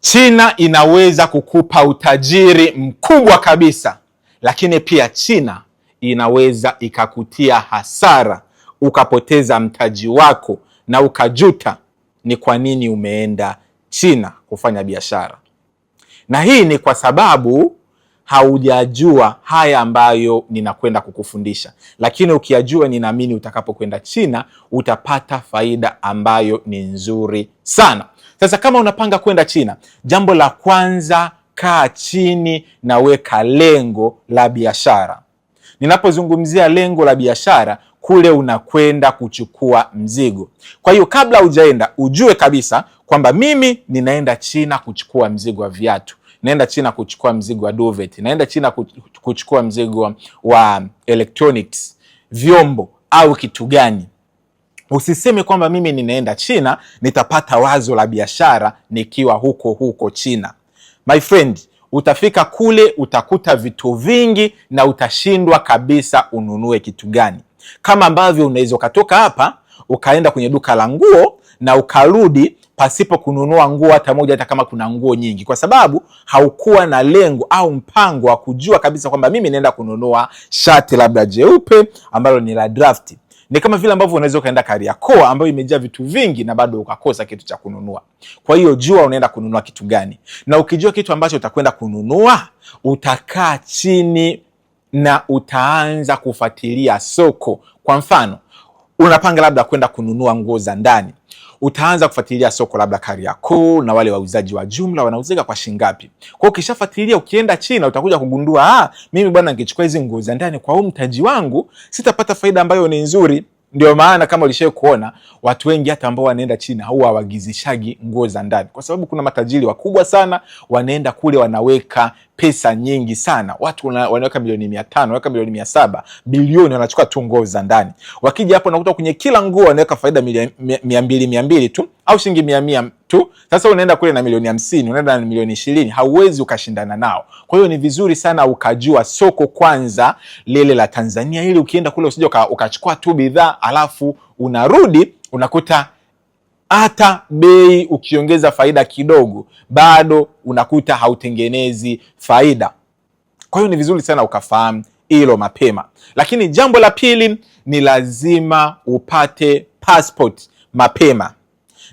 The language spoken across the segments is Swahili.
China inaweza kukupa utajiri mkubwa kabisa, lakini pia China inaweza ikakutia hasara, ukapoteza mtaji wako na ukajuta ni kwa nini umeenda China kufanya biashara. Na hii ni kwa sababu haujajua haya ambayo ninakwenda kukufundisha, lakini ukiyajua, ninaamini utakapokwenda China utapata faida ambayo ni nzuri sana. Sasa kama unapanga kwenda China, jambo la kwanza, kaa chini na weka lengo la biashara. Ninapozungumzia lengo la biashara, kule unakwenda kuchukua mzigo. Kwa hiyo kabla hujaenda, ujue kabisa kwamba mimi ninaenda China kuchukua mzigo wa viatu naenda China kuchukua mzigo wa duvet, naenda China kuchukua mzigo wa electronics, vyombo au kitu gani. Usiseme kwamba mimi ninaenda China nitapata wazo la biashara nikiwa huko huko China. My friend, utafika kule utakuta vitu vingi na utashindwa kabisa ununue kitu gani, kama ambavyo unaweza ukatoka hapa ukaenda kwenye duka la nguo na ukarudi pasipo kununua nguo hata moja, hata kama kuna nguo nyingi, kwa sababu haukuwa na lengo au mpango wa kujua kabisa kwamba mimi naenda kununua shati labda jeupe ambalo ni la drafti ni kama vile ambavyo unaweza ukaenda Kariakoo ambayo imejaa vitu vingi na bado ukakosa kitu cha kununua. Kwa hiyo jua unaenda kununua kitu gani, na ukijua kitu ambacho utakwenda kununua, utakaa chini na utaanza kufuatilia soko. Kwa mfano unapanga labda kwenda kununua nguo za ndani, Utaanza kufuatilia soko labda Kariakoo na wale wauzaji wa jumla wanauzika kwa shilingi ngapi. Kwa hiyo ukishafuatilia, ukienda China utakuja kugundua, ah, mimi bwana, nikichukua hizi nguo za ndani kwa huu mtaji wangu sitapata faida ambayo ni nzuri. Ndio maana kama ulishawahi kuona watu wengi hata ambao wanaenda China huwa hawagizishagi nguo za ndani, kwa sababu kuna matajiri wakubwa sana wanaenda kule wanaweka pesa nyingi sana. Watu wanaweka milioni mia tano, wanaweka milioni mia saba, bilioni, wanachukua tu nguo za ndani. Wakija hapo nakuta kwenye kila nguo wanaweka faida mia mbili mia mbili tu au shilingi mia mia tu. Sasa unaenda kule na milioni hamsini, unaenda na milioni ishirini, hauwezi ukashindana nao. Kwa hiyo ni vizuri sana ukajua soko kwanza lile la Tanzania, ili ukienda kule usije ukachukua tu bidhaa alafu unarudi unakuta hata bei ukiongeza faida kidogo bado unakuta hautengenezi faida. Kwa hiyo ni vizuri sana ukafahamu hilo mapema. Lakini jambo la pili ni lazima upate passport mapema.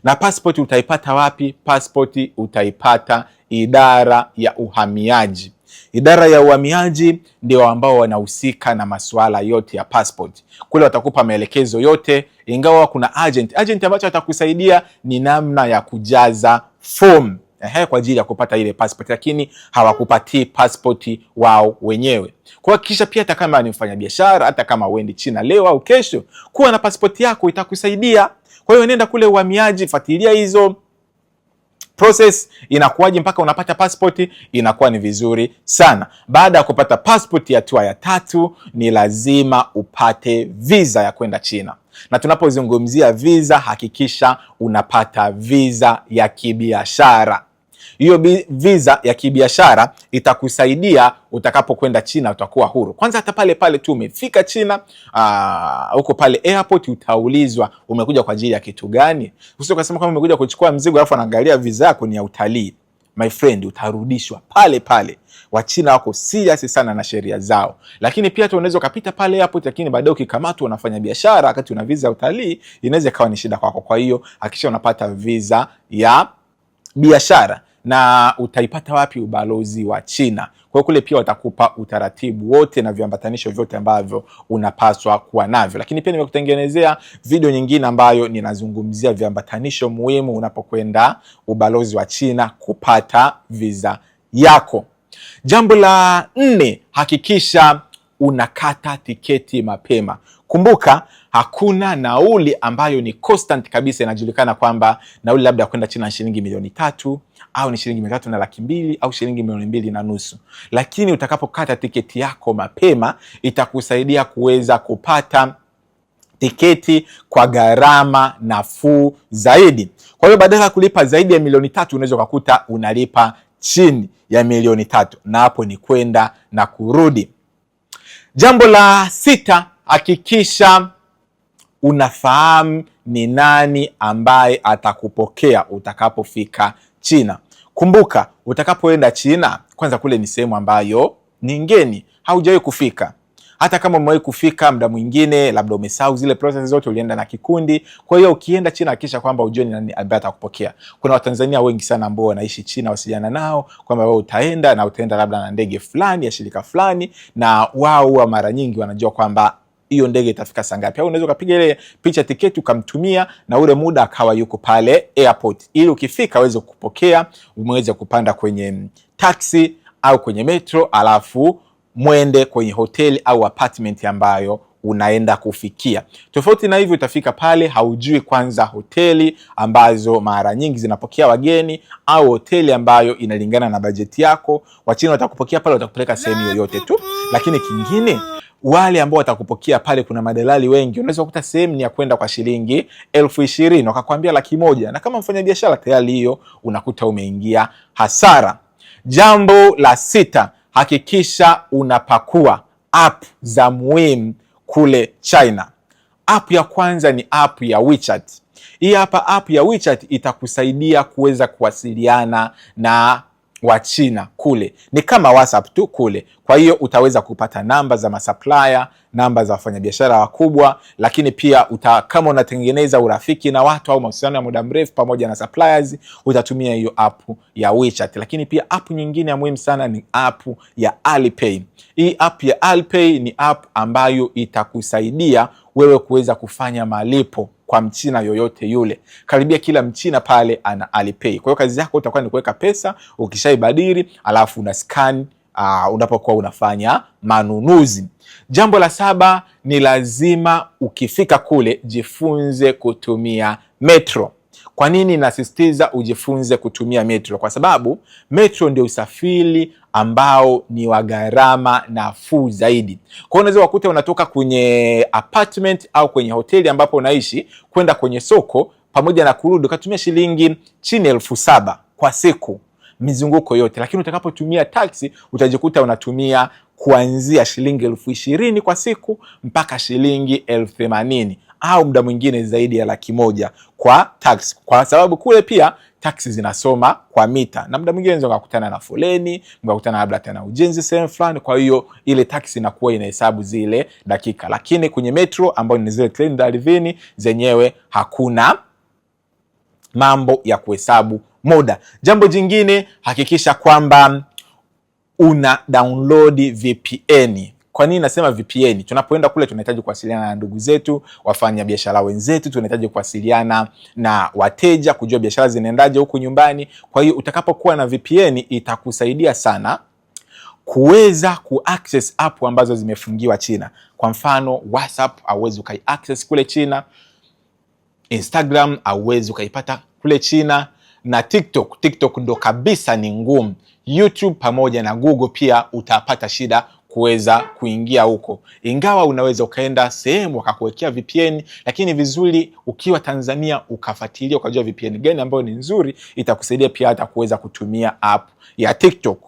Na passport utaipata wapi? Passport utaipata idara ya uhamiaji. Idara ya uhamiaji ndio ambao wanahusika na masuala yote ya passport. Kule watakupa maelekezo yote, ingawa kuna agent. Agent ambacho atakusaidia ni namna ya kujaza form ehe, kwa ajili ya kupata ile passport, lakini hawakupatii passport wao wenyewe. Kwa kisha pia, hata kama ni mfanyabiashara, hata kama uendi China leo au kesho, kuwa na passport yako itakusaidia. Kwa hiyo nenda kule uhamiaji, fuatilia hizo process inakuwaje mpaka unapata passport? Inakuwa ni vizuri sana. Baada ya kupata passport, hatua ya, ya tatu ni lazima upate visa ya kwenda China na tunapozungumzia visa, hakikisha unapata visa ya kibiashara. Hiyo visa ya kibiashara itakusaidia utakapokwenda China, utakuwa huru. Kwanza hata pale pale tu umefika China, huko ah, pale airport utaulizwa umekuja kwa ajili ya kitu gani. Usio kasema kama umekuja kuchukua mzigo, alafu anaangalia visa yako ni ya utalii. My friend, utarudishwa pale pale. Wachina wako serious sana na sheria zao, lakini pia tu unaweza ukapita pale hapo, lakini baadaye ukikamatwa unafanya biashara wakati una visa ya utalii, inaweza ikawa ni shida kwako. Kwa hiyo hakikisha unapata visa ya biashara na utaipata wapi? Ubalozi wa China. Kwa hiyo kule pia watakupa utaratibu wote na viambatanisho vyote ambavyo unapaswa kuwa navyo, lakini pia nimekutengenezea video nyingine ambayo ninazungumzia viambatanisho muhimu unapokwenda ubalozi wa China kupata visa yako. Jambo la nne, hakikisha unakata tiketi mapema. Kumbuka hakuna nauli ambayo ni constant kabisa inajulikana kwamba nauli labda kwenda China shilingi milioni tatu au ni shilingi milioni tatu na laki mbili au shilingi milioni mbili na nusu, lakini utakapokata tiketi yako mapema itakusaidia kuweza kupata tiketi kwa gharama nafuu zaidi. Kwa hiyo badala ya kulipa zaidi ya milioni tatu unaweza ukakuta unalipa chini ya milioni tatu, na hapo ni kwenda na kurudi. Jambo la sita, hakikisha unafahamu ni nani ambaye atakupokea utakapofika China. Kumbuka, utakapoenda China, kwanza kule ni sehemu ambayo ni ngeni, haujawahi kufika hata kama umewahi kufika muda mwingine, labda umesahau zile process zote, ulienda na kikundi. Kwa hiyo ukienda China hakikisha kwamba ujue ni nani ambaye atakupokea. Kuna Watanzania wengi sana ambao wanaishi China, wasiliana nao kwamba wewe utaenda na utaenda labda na ndege fulani ya shirika fulani, na wao huwa mara nyingi wanajua kwamba hiyo ndege itafika saa ngapi, au unaweza ukapiga ile picha tiketi ukamtumia na ule muda akawa yuko pale airport, ili ukifika aweze kupokea, umeweza kupanda kwenye mm, taxi au kwenye metro, alafu mwende kwenye hoteli au apartment ambayo unaenda kufikia. Tofauti na hivyo, utafika pale haujui kwanza hoteli ambazo mara nyingi zinapokea wageni au hoteli ambayo inalingana na bajeti yako. Wachina watakupokea pale, watakupeleka sehemu yoyote tu. Lakini kingine wale ambao watakupokea pale, kuna madalali wengi. Unaweza kukuta sehemu ni ya kwenda kwa shilingi elfu ishirini wakakwambia laki moja na kama mfanyabiashara tayari, hiyo unakuta umeingia hasara. Jambo la sita, hakikisha unapakua app za muhimu kule China. App ya kwanza ni app ya WeChat. Hii hapa app ya WeChat itakusaidia kuweza kuwasiliana na wa China kule, ni kama WhatsApp tu kule. Kwa hiyo utaweza kupata namba za masupplier, namba za wafanyabiashara wakubwa, lakini pia uta, kama unatengeneza urafiki na watu au mahusiano ya muda mrefu pamoja na suppliers, utatumia hiyo app ya WeChat. Lakini pia app nyingine ya muhimu sana ni app ya Alipay. Hii app ya Alipay ni app ambayo itakusaidia wewe kuweza kufanya malipo kwa mchina yoyote yule. Karibia kila mchina pale ana Alipay. Kwa hiyo kazi yako utakuwa ni kuweka pesa, ukishaibadili alafu una scan uh, unapokuwa unafanya manunuzi. Jambo la saba ni lazima ukifika kule jifunze kutumia metro. Kwa nini nasisitiza ujifunze kutumia metro? Kwa sababu metro ndio usafiri ambao ni wa gharama nafuu zaidi. Kwa hiyo unaweza wakuta unatoka kwenye apartment au kwenye hoteli ambapo unaishi kwenda kwenye soko pamoja na kurudi, ukatumia shilingi chini elfu saba kwa siku mizunguko yote, lakini utakapotumia taksi utajikuta unatumia kuanzia shilingi elfu ishirini kwa siku mpaka shilingi elfu themanini au muda mwingine zaidi ya laki moja kwa tax, kwa sababu kule pia taksi zinasoma kwa mita, na muda mwingine unaweza kukutana na foleni, mkakutana labda tena ujenzi sehemu fulani. Kwa hiyo ile taksi inakuwa inahesabu zile dakika, lakini kwenye metro ambayo ni zile treni za ardhini zenyewe hakuna mambo ya kuhesabu muda. Jambo jingine, hakikisha kwamba una download VPN kwa nini nasema VPN? Tunapoenda kule tunahitaji kuwasiliana na ndugu zetu, wafanyabiashara wenzetu, tunahitaji kuwasiliana na wateja, kujua biashara zinaendaje huku nyumbani. Kwa hiyo utakapokuwa na VPN itakusaidia sana kuweza kuaccess app ambazo zimefungiwa China. Kwa mfano, WhatsApp auwezi ukaiaccess kule China, Instagram auwezi ukaipata kule China na TikTok. TikTok ndo kabisa ni ngumu. YouTube pamoja na Google pia utapata shida kuweza kuingia huko, ingawa unaweza ukaenda sehemu wakakuwekea VPN, lakini vizuri ukiwa Tanzania ukafuatilia ukajua VPN gani ambayo ni nzuri, itakusaidia pia hata kuweza kutumia app ya TikTok.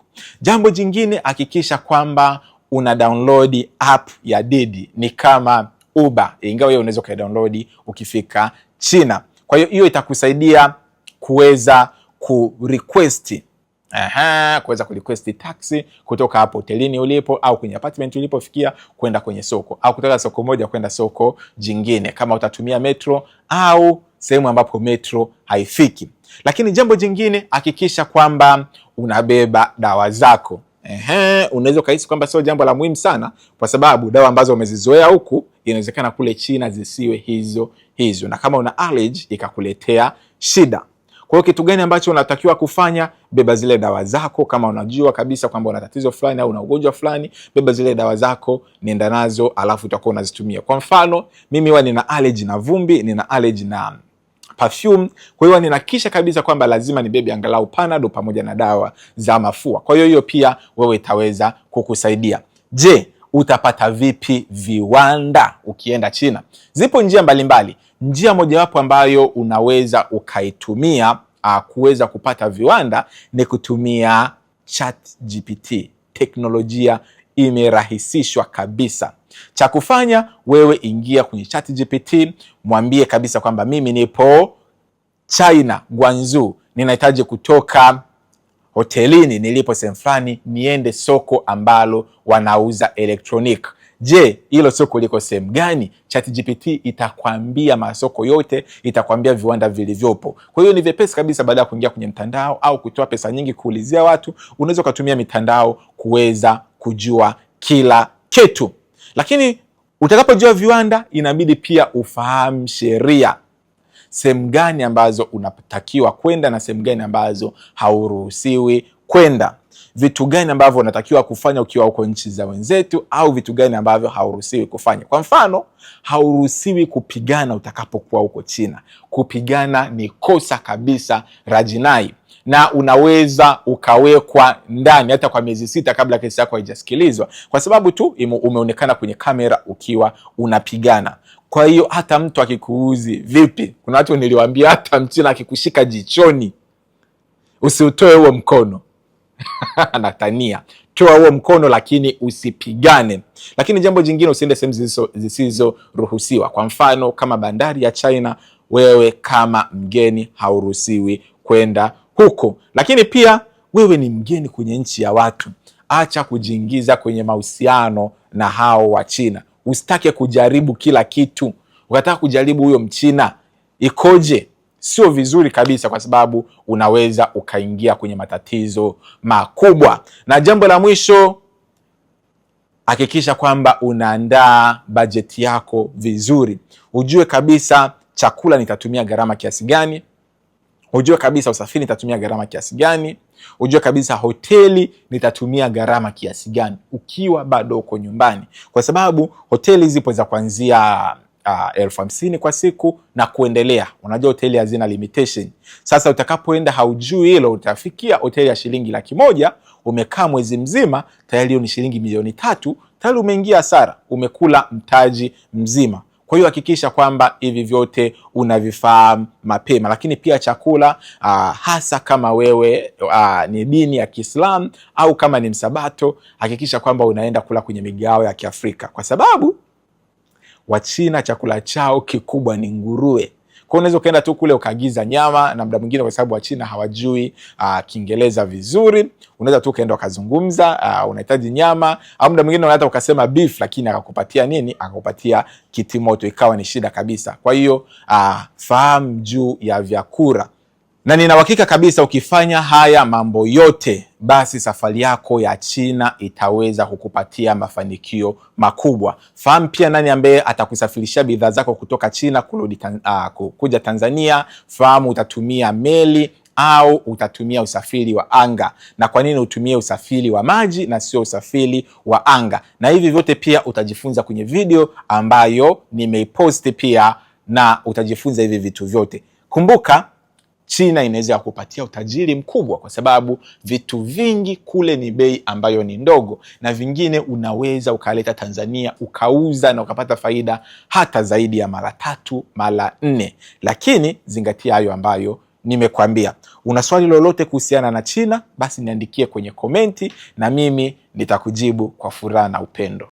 Jambo jingine, hakikisha kwamba una download app ya Didi, ni kama Uber, ingawa hiyo unaweza ukadownload ukifika China. Kwa hiyo hiyo itakusaidia kuweza request kuweza kurequest taxi kutoka hapo hotelini ulipo au kwenye apartment ulipofikia kwenda kwenye soko au kutoka soko moja kwenda soko jingine, kama utatumia metro au sehemu ambapo metro haifiki. Lakini jambo jingine, hakikisha kwamba unabeba dawa zako. Ehe, unaweza ukahisi kwamba sio jambo la muhimu sana, kwa sababu dawa ambazo umezizoea huku inawezekana kule China zisiwe hizo hizo, na kama una allergy ikakuletea shida. Kwa hiyo kitu gani ambacho unatakiwa kufanya? Beba zile dawa zako, kama unajua kabisa kwamba una tatizo fulani au una ugonjwa fulani, beba zile dawa zako, nenda nazo, alafu utakuwa unazitumia. Kwa mfano mimi huwa nina allergy na vumbi, nina allergy na perfume. Kwa hiyo ninahakikisha kabisa kwamba lazima nibebe angalau panado pamoja na dawa za mafua. Kwa hiyo hiyo pia wewe itaweza kukusaidia. Je, utapata vipi viwanda ukienda China? Zipo njia mbalimbali mbali. Njia mojawapo ambayo unaweza ukaitumia uh, kuweza kupata viwanda ni kutumia ChatGPT. Teknolojia imerahisishwa kabisa. Cha kufanya wewe, ingia kwenye ChatGPT, mwambie kabisa kwamba mimi nipo China, Guangzhou, ninahitaji kutoka hotelini nilipo sehemu fulani, niende soko ambalo wanauza electronic. Je, hilo soko liko sehemu gani? ChatGPT itakwambia masoko yote, itakwambia viwanda vilivyopo. Kwa hiyo ni vyepesi kabisa, baada ya kuingia kwenye mtandao au kutoa pesa nyingi kuulizia watu, unaweza ukatumia mitandao kuweza kujua kila kitu. Lakini utakapojua viwanda, inabidi pia ufahamu sheria sehemu gani ambazo unatakiwa kwenda na sehemu gani ambazo hauruhusiwi kwenda, vitu gani ambavyo unatakiwa kufanya ukiwa uko nchi za wenzetu, au vitu gani ambavyo hauruhusiwi kufanya. Kwa mfano, hauruhusiwi kupigana utakapokuwa huko China. Kupigana ni kosa kabisa rajinai na unaweza ukawekwa ndani hata kwa miezi sita kabla kesi yako haijasikilizwa, kwa sababu tu umeonekana kwenye kamera ukiwa unapigana. Kwa hiyo hata mtu akikuuzi vipi, kuna watu niliwaambia, hata mchina akikushika jichoni usiutoe huo mkono anatania toa huo mkono, lakini usipigane. Lakini jambo jingine, usiende sehemu zisizoruhusiwa. Kwa mfano kama bandari ya China, wewe kama mgeni hauruhusiwi kwenda huko, lakini pia wewe ni mgeni kwenye nchi ya watu. Acha kujiingiza kwenye mahusiano na hao wa China. Usitake kujaribu kila kitu, ukataka kujaribu huyo mchina ikoje, sio vizuri kabisa, kwa sababu unaweza ukaingia kwenye matatizo makubwa. Na jambo la mwisho, hakikisha kwamba unaandaa bajeti yako vizuri, ujue kabisa chakula nitatumia gharama kiasi gani Hujue kabisa usafiri nitatumia gharama kiasi gani, hujue kabisa hoteli nitatumia gharama kiasi gani ukiwa bado uko nyumbani, kwa sababu hoteli zipo za kuanzia uh, elfu hamsini kwa siku na kuendelea. Unajua hoteli hazina limitation. Sasa utakapoenda haujui hilo, utafikia hoteli ya shilingi laki moja umekaa mwezi mzima, tayari hiyo ni shilingi milioni tatu, tayari umeingia hasara, umekula mtaji mzima. Kwa hiyo hakikisha kwamba hivi vyote unavifahamu mapema, lakini pia chakula aa, ah, hasa kama wewe aa, ah, ni dini ya Kiislamu au kama ni msabato, hakikisha kwamba unaenda kula kwenye migao ya Kiafrika kwa sababu Wachina chakula chao kikubwa ni nguruwe. Kwa unaweza ukaenda tu kule ukaagiza nyama, na muda mwingine kwa sababu wachina hawajui uh, Kiingereza vizuri, unaweza tu ukaenda ukazungumza uh, unahitaji nyama, au muda mwingine unaweza ukasema beef, lakini akakupatia nini? Akakupatia kitimoto, ikawa ni shida kabisa. Kwa hiyo uh, fahamu juu ya vyakula na nina uhakika kabisa ukifanya haya mambo yote, basi safari yako ya China itaweza kukupatia mafanikio makubwa. Fahamu pia nani ambaye atakusafirishia bidhaa zako kutoka China kurudi uh, kuja Tanzania. Fahamu utatumia meli au utatumia usafiri wa anga, na kwa nini utumie usafiri wa maji na sio usafiri wa anga. Na hivi vyote pia utajifunza kwenye video ambayo nimeiposti pia, na utajifunza hivi vitu vyote. Kumbuka China inaweza kupatia utajiri mkubwa, kwa sababu vitu vingi kule ni bei ambayo ni ndogo, na vingine unaweza ukaleta Tanzania ukauza na ukapata faida hata zaidi ya mara tatu mara nne. Lakini zingatia hayo ambayo nimekwambia. Una swali lolote kuhusiana na China, basi niandikie kwenye komenti na mimi nitakujibu kwa furaha na upendo.